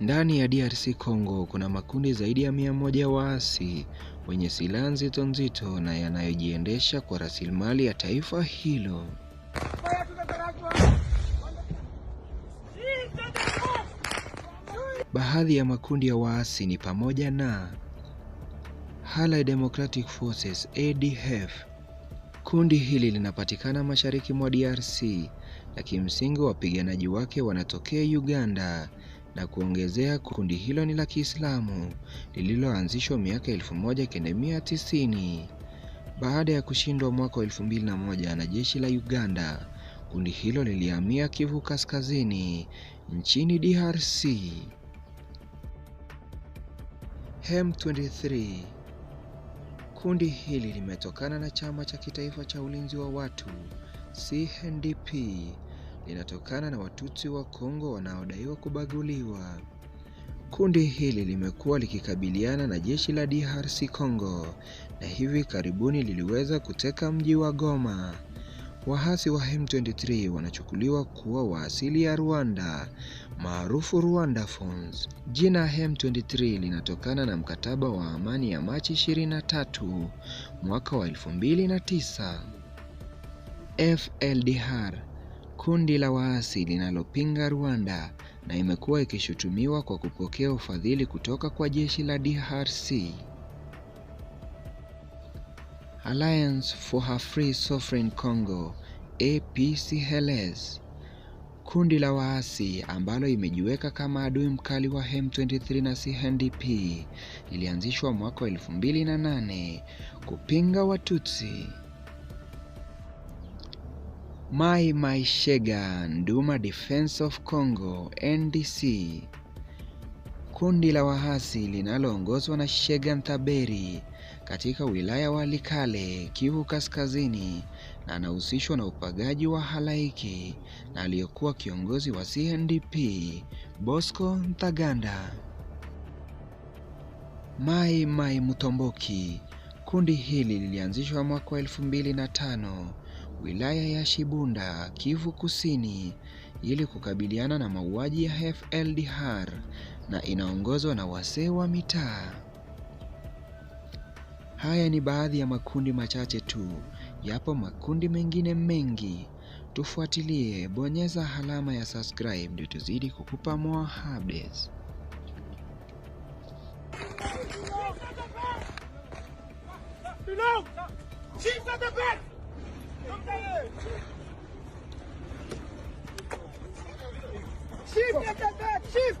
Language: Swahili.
Ndani ya DRC Congo kuna makundi zaidi ya mia moja waasi wenye silaha nzito nzito na yanayojiendesha kwa rasilimali ya taifa hilo. Baadhi ya makundi ya waasi ni pamoja na Allied Democratic Forces ADF. Kundi hili linapatikana mashariki mwa DRC na kimsingi wapiganaji wake wanatokea Uganda na kuongezea kundi hilo ni la Kiislamu lililoanzishwa miaka 1990 baada ya kushindwa mwaka 2001 na jeshi la Uganda. Kundi hilo lilihamia Kivu Kaskazini nchini DRC. M23 Kundi hili limetokana na chama cha kitaifa cha ulinzi wa watu CNDP linatokana na Watutsi wa Kongo wanaodaiwa kubaguliwa. Kundi hili limekuwa likikabiliana na jeshi la DRC Congo na hivi karibuni liliweza kuteka mji wa Goma. Waasi wa M23 wanachukuliwa kuwa wa asili ya Rwanda, maarufu Rwanda Fonds. Jina M23 linatokana na mkataba wa amani ya Machi 23 mwaka wa 2009. FLDR kundi la waasi linalopinga Rwanda na imekuwa ikishutumiwa kwa kupokea ufadhili kutoka kwa jeshi la DRC. Alliance for a Free Sovereign Congo APCLS, kundi la waasi ambalo imejiweka kama adui mkali wa M23 na CNDP, ilianzishwa mwaka wa 2008 kupinga Watutsi Mai Mai Shega Nduma Defense of Congo NDC, kundi la wahasi linaloongozwa na Shega Ntaberi katika wilaya wa likale Kivu Kaskazini, na anahusishwa na upagaji wa halaiki na aliyekuwa kiongozi wa CNDP Bosco Ntaganda. Mai Mai Mutomboki, kundi hili lilianzishwa mwaka wa elfu mbili na tano wilaya ya Shibunda, Kivu Kusini, ili kukabiliana na mauaji ya FLDR na inaongozwa na wasee wa mitaa. Haya ni baadhi ya makundi machache tu, yapo makundi mengine mengi. Tufuatilie, bonyeza alama ya subscribe ndio tuzidi kukupa more updates. Chief at the back! Chief, get that back! Chief!